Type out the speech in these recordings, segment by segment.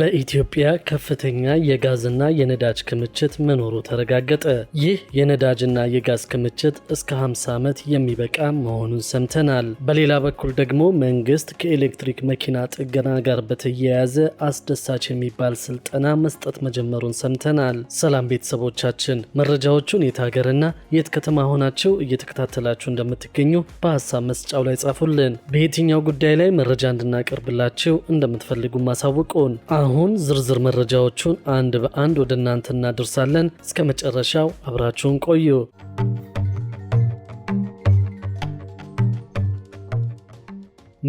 በኢትዮጵያ ከፍተኛ የጋዝና የነዳጅ ክምችት መኖሩ ተረጋገጠ። ይህ የነዳጅና የጋዝ ክምችት እስከ 50 ዓመት የሚበቃ መሆኑን ሰምተናል። በሌላ በኩል ደግሞ መንግስት ከኤሌክትሪክ መኪና ጥገና ጋር በተያያዘ አስደሳች የሚባል ስልጠና መስጠት መጀመሩን ሰምተናል። ሰላም ቤተሰቦቻችን፣ መረጃዎቹን የት ሀገርና የት ከተማ ሆናችሁ እየተከታተላችሁ እንደምትገኙ በሀሳብ መስጫው ላይ ጻፉልን። በየትኛው ጉዳይ ላይ መረጃ እንድናቀርብላችሁ እንደምትፈልጉ ማሳውቁን አሁን ዝርዝር መረጃዎቹን አንድ በአንድ ወደ እናንተ እናደርሳለን። እስከ መጨረሻው አብራችሁን ቆዩ።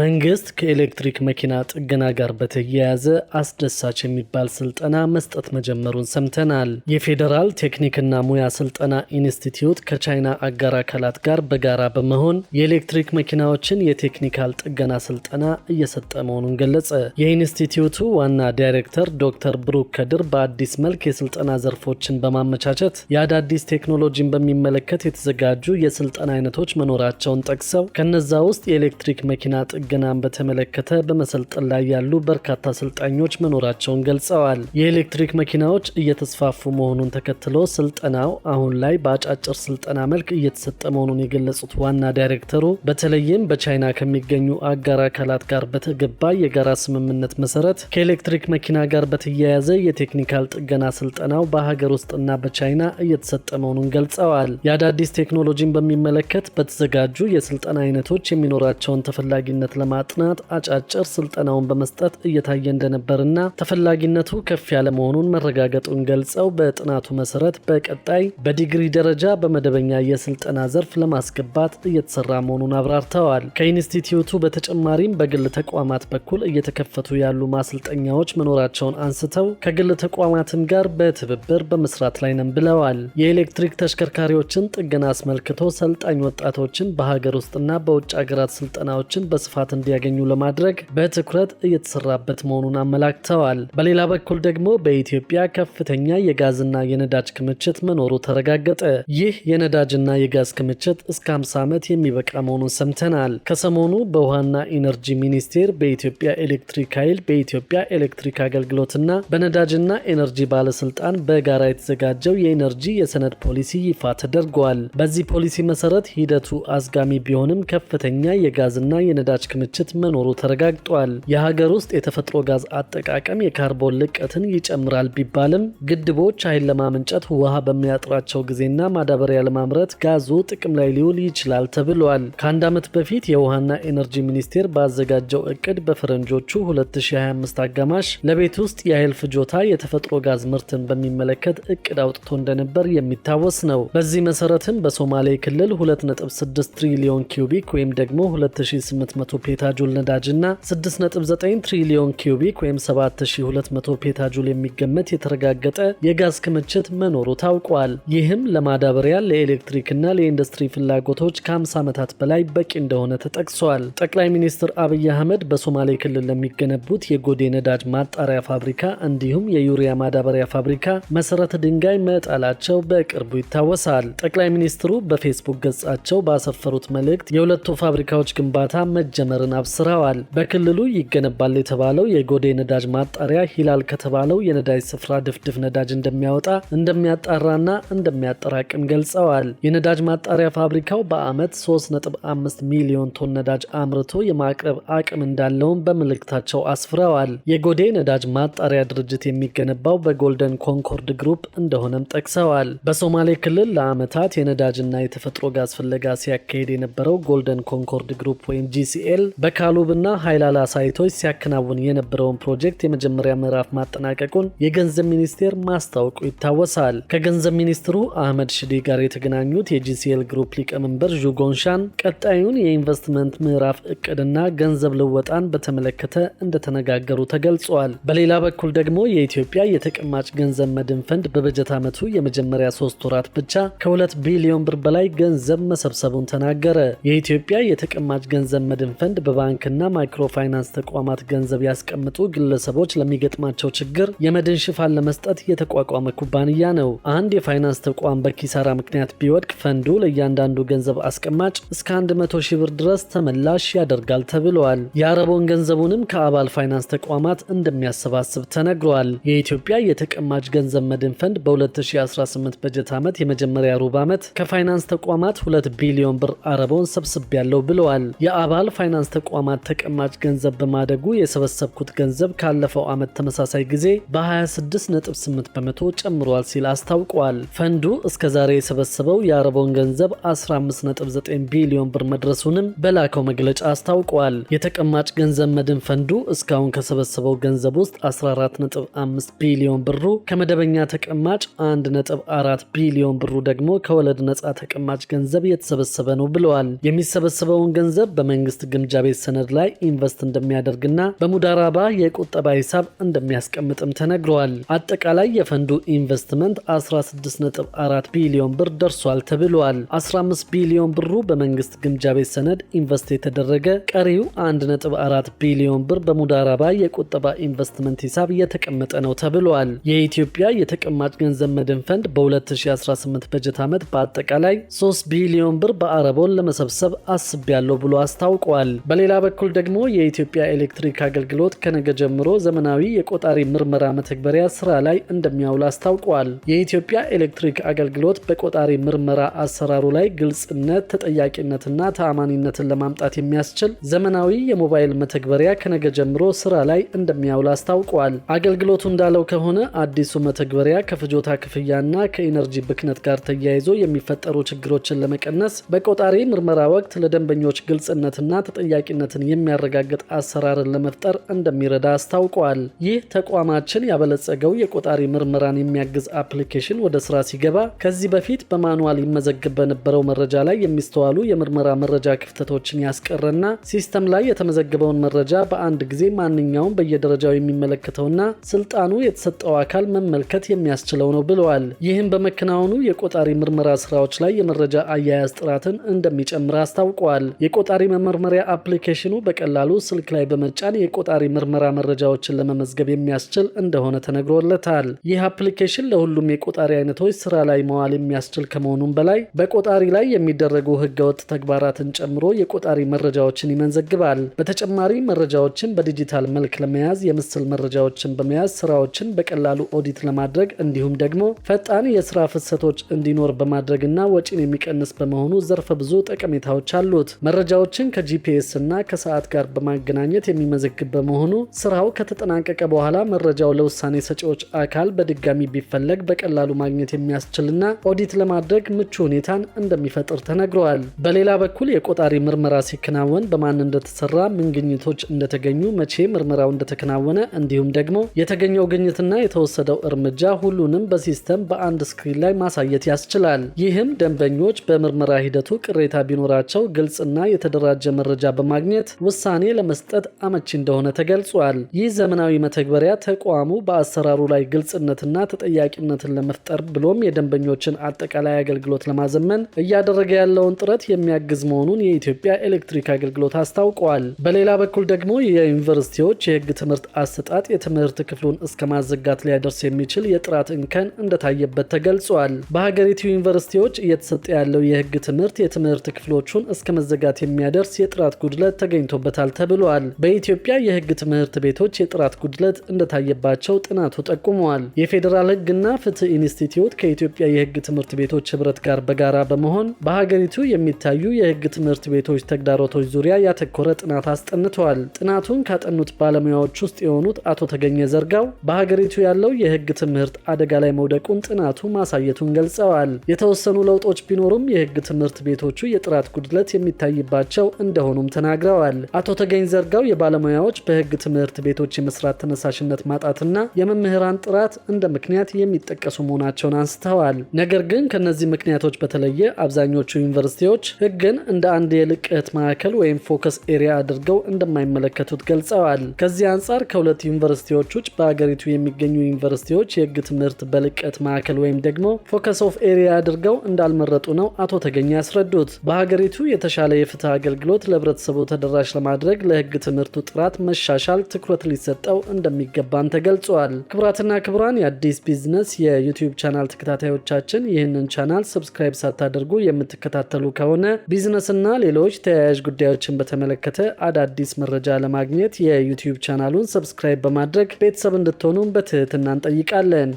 መንግስት ከኤሌክትሪክ መኪና ጥገና ጋር በተያያዘ አስደሳች የሚባል ስልጠና መስጠት መጀመሩን ሰምተናል። የፌዴራል ቴክኒክና ሙያ ስልጠና ኢንስቲትዩት ከቻይና አጋር አካላት ጋር በጋራ በመሆን የኤሌክትሪክ መኪናዎችን የቴክኒካል ጥገና ስልጠና እየሰጠ መሆኑን ገለጸ። የኢንስቲትዩቱ ዋና ዳይሬክተር ዶክተር ብሩክ ከድር በአዲስ መልክ የስልጠና ዘርፎችን በማመቻቸት የአዳዲስ ቴክኖሎጂን በሚመለከት የተዘጋጁ የስልጠና አይነቶች መኖራቸውን ጠቅሰው ከነዛ ውስጥ የኤሌክትሪክ መኪና ጥገናን በተመለከተ በመሰልጠን ላይ ያሉ በርካታ ሰልጣኞች መኖራቸውን ገልጸዋል። የኤሌክትሪክ መኪናዎች እየተስፋፉ መሆኑን ተከትሎ ስልጠናው አሁን ላይ በአጫጭር ስልጠና መልክ እየተሰጠ መሆኑን የገለጹት ዋና ዳይሬክተሩ በተለይም በቻይና ከሚገኙ አጋር አካላት ጋር በተገባ የጋራ ስምምነት መሰረት ከኤሌክትሪክ መኪና ጋር በተያያዘ የቴክኒካል ጥገና ስልጠናው በሀገር ውስጥና በቻይና እየተሰጠ መሆኑን ገልጸዋል። የአዳዲስ ቴክኖሎጂን በሚመለከት በተዘጋጁ የስልጠና አይነቶች የሚኖራቸውን ተፈላጊነት ተፈጻሚነት ለማጥናት አጫጭር ስልጠናውን በመስጠት እየታየ እንደነበርና ተፈላጊነቱ ከፍ ያለ መሆኑን መረጋገጡን ገልጸው በጥናቱ መሰረት በቀጣይ በዲግሪ ደረጃ በመደበኛ የስልጠና ዘርፍ ለማስገባት እየተሰራ መሆኑን አብራርተዋል። ከኢንስቲትዩቱ በተጨማሪም በግል ተቋማት በኩል እየተከፈቱ ያሉ ማሰልጠኛዎች መኖራቸውን አንስተው ከግል ተቋማትም ጋር በትብብር በመስራት ላይ ነን ብለዋል። የኤሌክትሪክ ተሽከርካሪዎችን ጥገና አስመልክቶ ሰልጣኝ ወጣቶችን በሀገር ውስጥና በውጭ ሀገራት ስልጠናዎችን በስፋት ሽፋት እንዲያገኙ ለማድረግ በትኩረት እየተሰራበት መሆኑን አመላክተዋል። በሌላ በኩል ደግሞ በኢትዮጵያ ከፍተኛ የጋዝና የነዳጅ ክምችት መኖሩ ተረጋገጠ። ይህ የነዳጅና የጋዝ ክምችት እስከ 50 ዓመት የሚበቃ መሆኑን ሰምተናል። ከሰሞኑ በውሃና ኢነርጂ ሚኒስቴር በኢትዮጵያ ኤሌክትሪክ ኃይል በኢትዮጵያ ኤሌክትሪክ አገልግሎትና በነዳጅና ኤነርጂ ባለስልጣን በጋራ የተዘጋጀው የኤነርጂ የሰነድ ፖሊሲ ይፋ ተደርጓል። በዚህ ፖሊሲ መሰረት ሂደቱ አዝጋሚ ቢሆንም ከፍተኛ የጋዝና የነዳጅ ክምችት መኖሩ ተረጋግጧል። የሀገር ውስጥ የተፈጥሮ ጋዝ አጠቃቀም የካርቦን ልቀትን ይጨምራል ቢባልም ግድቦች ኃይል ለማመንጨት ውሃ በሚያጥራቸው ጊዜና ማዳበሪያ ለማምረት ጋዙ ጥቅም ላይ ሊውል ይችላል ተብሏል። ከአንድ ዓመት በፊት የውሃና ኤነርጂ ሚኒስቴር ባዘጋጀው እቅድ በፈረንጆቹ 2025 አጋማሽ ለቤት ውስጥ የኃይል ፍጆታ የተፈጥሮ ጋዝ ምርትን በሚመለከት እቅድ አውጥቶ እንደነበር የሚታወስ ነው። በዚህ መሰረትም በሶማሌ ክልል 2.6 ትሪሊዮን ኪዩቢክ ወይም ደግሞ 2800 200 ፔታጁል ነዳጅና 6.9 ትሪሊዮን ኪዩቢክ ወይም 7200 ፔታጁል የሚገመት የተረጋገጠ የጋዝ ክምችት መኖሩ ታውቋል። ይህም ለማዳበሪያ ለኤሌክትሪክና ለኢንዱስትሪ ፍላጎቶች ከ50 ዓመታት በላይ በቂ እንደሆነ ተጠቅሷል። ጠቅላይ ሚኒስትር አብይ አህመድ በሶማሌ ክልል ለሚገነቡት የጎዴ ነዳጅ ማጣሪያ ፋብሪካ እንዲሁም የዩሪያ ማዳበሪያ ፋብሪካ መሰረተ ድንጋይ መጣላቸው በቅርቡ ይታወሳል። ጠቅላይ ሚኒስትሩ በፌስቡክ ገጻቸው ባሰፈሩት መልእክት የሁለቱ ፋብሪካዎች ግንባታ መጀመ መጀመርን አብስረዋል። በክልሉ ይገነባል የተባለው የጎዴ ነዳጅ ማጣሪያ ሂላል ከተባለው የነዳጅ ስፍራ ድፍድፍ ነዳጅ እንደሚያወጣ እንደሚያጣራና እንደሚያጠራቅም ገልጸዋል። የነዳጅ ማጣሪያ ፋብሪካው በዓመት 3.5 ሚሊዮን ቶን ነዳጅ አምርቶ የማቅረብ አቅም እንዳለውን በምልክታቸው አስፍረዋል። የጎዴ ነዳጅ ማጣሪያ ድርጅት የሚገነባው በጎልደን ኮንኮርድ ግሩፕ እንደሆነም ጠቅሰዋል። በሶማሌ ክልል ለዓመታት የነዳጅና የተፈጥሮ ጋዝ ፍለጋ ሲያካሄድ የነበረው ጎልደን ኮንኮርድ ግሩፕ ወይም ጂሲኤ እስራኤል በካሉብና ሀይላላ ሳይቶች ሲያከናውን የነበረውን ፕሮጀክት የመጀመሪያ ምዕራፍ ማጠናቀቁን የገንዘብ ሚኒስቴር ማስታወቁ ይታወሳል። ከገንዘብ ሚኒስትሩ አህመድ ሽዴ ጋር የተገናኙት የጂሲኤል ግሩፕ ሊቀመንበር ዡጎንሻን ቀጣዩን የኢንቨስትመንት ምዕራፍ እቅድና ገንዘብ ልወጣን በተመለከተ እንደተነጋገሩ ተገልጿል። በሌላ በኩል ደግሞ የኢትዮጵያ የተቀማጭ ገንዘብ መድን ፈንድ በበጀት ዓመቱ የመጀመሪያ ሶስት ወራት ብቻ ከሁለት ቢሊዮን ብር በላይ ገንዘብ መሰብሰቡን ተናገረ። የኢትዮጵያ የተቀማጭ ገንዘብ መድን ፈንድ ፈንድ በባንክና ማይክሮ ፋይናንስ ተቋማት ገንዘብ ያስቀምጡ ግለሰቦች ለሚገጥማቸው ችግር የመድን ሽፋን ለመስጠት የተቋቋመ ኩባንያ ነው። አንድ የፋይናንስ ተቋም በኪሳራ ምክንያት ቢወድቅ ፈንዱ ለእያንዳንዱ ገንዘብ አስቀማጭ እስከ 100 ሺህ ብር ድረስ ተመላሽ ያደርጋል ተብለዋል። የአረቦን ገንዘቡንም ከአባል ፋይናንስ ተቋማት እንደሚያሰባስብ ተነግሯል። የኢትዮጵያ የተቀማጭ ገንዘብ መድን ፈንድ በ2018 በጀት ዓመት የመጀመሪያ ሩብ ዓመት ከፋይናንስ ተቋማት 2 ቢሊዮን ብር አረቦን ሰብስቤያለሁ ብለዋል። የአባል ፋይናንስ የፋይናንስ ተቋማት ተቀማጭ ገንዘብ በማደጉ የሰበሰብኩት ገንዘብ ካለፈው ዓመት ተመሳሳይ ጊዜ በ26.8 በመቶ ጨምሯል ሲል አስታውቋል። ፈንዱ እስከዛሬ የሰበሰበው የአረቦን ገንዘብ 15.9 ቢሊዮን ብር መድረሱንም በላከው መግለጫ አስታውቋል። የተቀማጭ ገንዘብ መድን ፈንዱ እስካሁን ከሰበሰበው ገንዘብ ውስጥ 14.5 ቢሊዮን ብሩ ከመደበኛ ተቀማጭ፣ 1.4 ቢሊዮን ብሩ ደግሞ ከወለድ ነፃ ተቀማጭ ገንዘብ የተሰበሰበ ነው ብለዋል። የሚሰበሰበውን ገንዘብ በመንግስት ግምጃ ቤት ሰነድ ላይ ኢንቨስት እንደሚያደርግና በሙዳራባ የቁጠባ ሂሳብ እንደሚያስቀምጥም ተነግረዋል። አጠቃላይ የፈንዱ ኢንቨስትመንት 16.4 ቢሊዮን ብር ደርሷል ተብሏል። 15 ቢሊዮን ብሩ በመንግስት ግምጃ ቤት ሰነድ ኢንቨስት የተደረገ፣ ቀሪው 1.4 ቢሊዮን ብር በሙዳራባ የቁጠባ ኢንቨስትመንት ሂሳብ የተቀመጠ ነው ተብሏል። የኢትዮጵያ የተቀማጭ ገንዘብ መድን ፈንድ በ2018 በጀት ዓመት በአጠቃላይ 3 ቢሊዮን ብር በአረቦን ለመሰብሰብ አስቤያለሁ ብሎ አስታውቋል። ተናግረዋል። በሌላ በኩል ደግሞ የኢትዮጵያ ኤሌክትሪክ አገልግሎት ከነገ ጀምሮ ዘመናዊ የቆጣሪ ምርመራ መተግበሪያ ስራ ላይ እንደሚያውል አስታውቋል። የኢትዮጵያ ኤሌክትሪክ አገልግሎት በቆጣሪ ምርመራ አሰራሩ ላይ ግልጽነት፣ ተጠያቂነትና ተአማኒነትን ለማምጣት የሚያስችል ዘመናዊ የሞባይል መተግበሪያ ከነገ ጀምሮ ስራ ላይ እንደሚያውል አስታውቋል። አገልግሎቱ እንዳለው ከሆነ አዲሱ መተግበሪያ ከፍጆታ ክፍያና ከኢነርጂ ብክነት ጋር ተያይዞ የሚፈጠሩ ችግሮችን ለመቀነስ በቆጣሪ ምርመራ ወቅት ለደንበኞች ግልጽነትና ተጠያቂነትን የሚያረጋግጥ አሰራርን ለመፍጠር እንደሚረዳ አስታውቀዋል። ይህ ተቋማችን ያበለጸገው የቆጣሪ ምርመራን የሚያግዝ አፕሊኬሽን ወደ ስራ ሲገባ ከዚህ በፊት በማኑዋል ይመዘግብ በነበረው መረጃ ላይ የሚስተዋሉ የምርመራ መረጃ ክፍተቶችን ያስቀረና ሲስተም ላይ የተመዘገበውን መረጃ በአንድ ጊዜ ማንኛውም በየደረጃው የሚመለከተውና ስልጣኑ የተሰጠው አካል መመልከት የሚያስችለው ነው ብለዋል። ይህም በመከናወኑ የቆጣሪ ምርመራ ስራዎች ላይ የመረጃ አያያዝ ጥራትን እንደሚጨምር አስታውቀዋል። የቆጣሪ መመርመሪያ አፕሊኬሽኑ በቀላሉ ስልክ ላይ በመጫን የቆጣሪ ምርመራ መረጃዎችን ለመመዝገብ የሚያስችል እንደሆነ ተነግሮለታል። ይህ አፕሊኬሽን ለሁሉም የቆጣሪ አይነቶች ስራ ላይ መዋል የሚያስችል ከመሆኑም በላይ በቆጣሪ ላይ የሚደረጉ ህገወጥ ተግባራትን ጨምሮ የቆጣሪ መረጃዎችን ይመዘግባል። በተጨማሪ መረጃዎችን በዲጂታል መልክ ለመያዝ የምስል መረጃዎችን በመያዝ ስራዎችን በቀላሉ ኦዲት ለማድረግ እንዲሁም ደግሞ ፈጣን የስራ ፍሰቶች እንዲኖር በማድረግና ወጪን የሚቀንስ በመሆኑ ዘርፈ ብዙ ጠቀሜታዎች አሉት። መረጃዎችን ከጂፒ በጂፒኤስና ከሰዓት ጋር በማገናኘት የሚመዘግብ በመሆኑ ስራው ከተጠናቀቀ በኋላ መረጃው ለውሳኔ ሰጪዎች አካል በድጋሚ ቢፈለግ በቀላሉ ማግኘት የሚያስችልና ኦዲት ለማድረግ ምቹ ሁኔታን እንደሚፈጥር ተነግረዋል። በሌላ በኩል የቆጣሪ ምርመራ ሲከናወን በማን እንደተሰራ፣ ምን ግኝቶች እንደተገኙ፣ መቼ ምርመራው እንደተከናወነ እንዲሁም ደግሞ የተገኘው ግኝትና የተወሰደው እርምጃ ሁሉንም በሲስተም በአንድ ስክሪን ላይ ማሳየት ያስችላል። ይህም ደንበኞች በምርመራ ሂደቱ ቅሬታ ቢኖራቸው ግልጽና የተደራጀ መረጃ መረጃ በማግኘት ውሳኔ ለመስጠት አመቺ እንደሆነ ተገልጿል። ይህ ዘመናዊ መተግበሪያ ተቋሙ በአሰራሩ ላይ ግልጽነትና ተጠያቂነትን ለመፍጠር ብሎም የደንበኞችን አጠቃላይ አገልግሎት ለማዘመን እያደረገ ያለውን ጥረት የሚያግዝ መሆኑን የኢትዮጵያ ኤሌክትሪክ አገልግሎት አስታውቋል። በሌላ በኩል ደግሞ የዩኒቨርሲቲዎች የህግ ትምህርት አሰጣጥ የትምህርት ክፍሉን እስከ ማዘጋት ሊያደርስ የሚችል የጥራት እንከን እንደታየበት ተገልጿል። በሀገሪቱ ዩኒቨርሲቲዎች እየተሰጠ ያለው የህግ ትምህርት የትምህርት ክፍሎቹን እስከ መዘጋት የሚያደርስ የጥራት ጉድለት ተገኝቶበታል ተብሏል። በኢትዮጵያ የህግ ትምህርት ቤቶች የጥራት ጉድለት እንደታየባቸው ጥናቱ ጠቁመዋል። የፌዴራል ህግና ፍትህ ኢንስቲትዩት ከኢትዮጵያ የህግ ትምህርት ቤቶች ህብረት ጋር በጋራ በመሆን በሀገሪቱ የሚታዩ የህግ ትምህርት ቤቶች ተግዳሮቶች ዙሪያ ያተኮረ ጥናት አስጠንተዋል። ጥናቱን ካጠኑት ባለሙያዎች ውስጥ የሆኑት አቶ ተገኘ ዘርጋው በሀገሪቱ ያለው የህግ ትምህርት አደጋ ላይ መውደቁን ጥናቱ ማሳየቱን ገልጸዋል። የተወሰኑ ለውጦች ቢኖሩም የህግ ትምህርት ቤቶቹ የጥራት ጉድለት የሚታይባቸው እንደሆኑ እንደሚኖሩም ተናግረዋል። አቶ ተገኝ ዘርጋው የባለሙያዎች በህግ ትምህርት ቤቶች የመስራት ተነሳሽነት ማጣትና የመምህራን ጥራት እንደ ምክንያት የሚጠቀሱ መሆናቸውን አንስተዋል። ነገር ግን ከነዚህ ምክንያቶች በተለየ አብዛኞቹ ዩኒቨርሲቲዎች ህግን እንደ አንድ የልቀት ማዕከል ወይም ፎከስ ኤሪያ አድርገው እንደማይመለከቱት ገልጸዋል። ከዚህ አንጻር ከሁለት ዩኒቨርሲቲዎች ውጭ በአገሪቱ የሚገኙ ዩኒቨርሲቲዎች የህግ ትምህርት በልቀት ማዕከል ወይም ደግሞ ፎከስ ኦፍ ኤሪያ አድርገው እንዳልመረጡ ነው አቶ ተገኝ ያስረዱት። በሀገሪቱ የተሻለ የፍትህ አገልግሎት ለህብረተሰቡ ተደራሽ ለማድረግ ለህግ ትምህርቱ ጥራት መሻሻል ትኩረት ሊሰጠው እንደሚገባን ተገልጿል። ክቡራትና ክቡራን የአዲስ ቢዝነስ የዩቲዩብ ቻናል ተከታታዮቻችን ይህንን ቻናል ሰብስክራይብ ሳታደርጉ የምትከታተሉ ከሆነ ቢዝነስና ሌሎች ተያያዥ ጉዳዮችን በተመለከተ አዳዲስ መረጃ ለማግኘት የዩቲዩብ ቻናሉን ሰብስክራይብ በማድረግ ቤተሰብ እንድትሆኑ በትህትና እንጠይቃለን።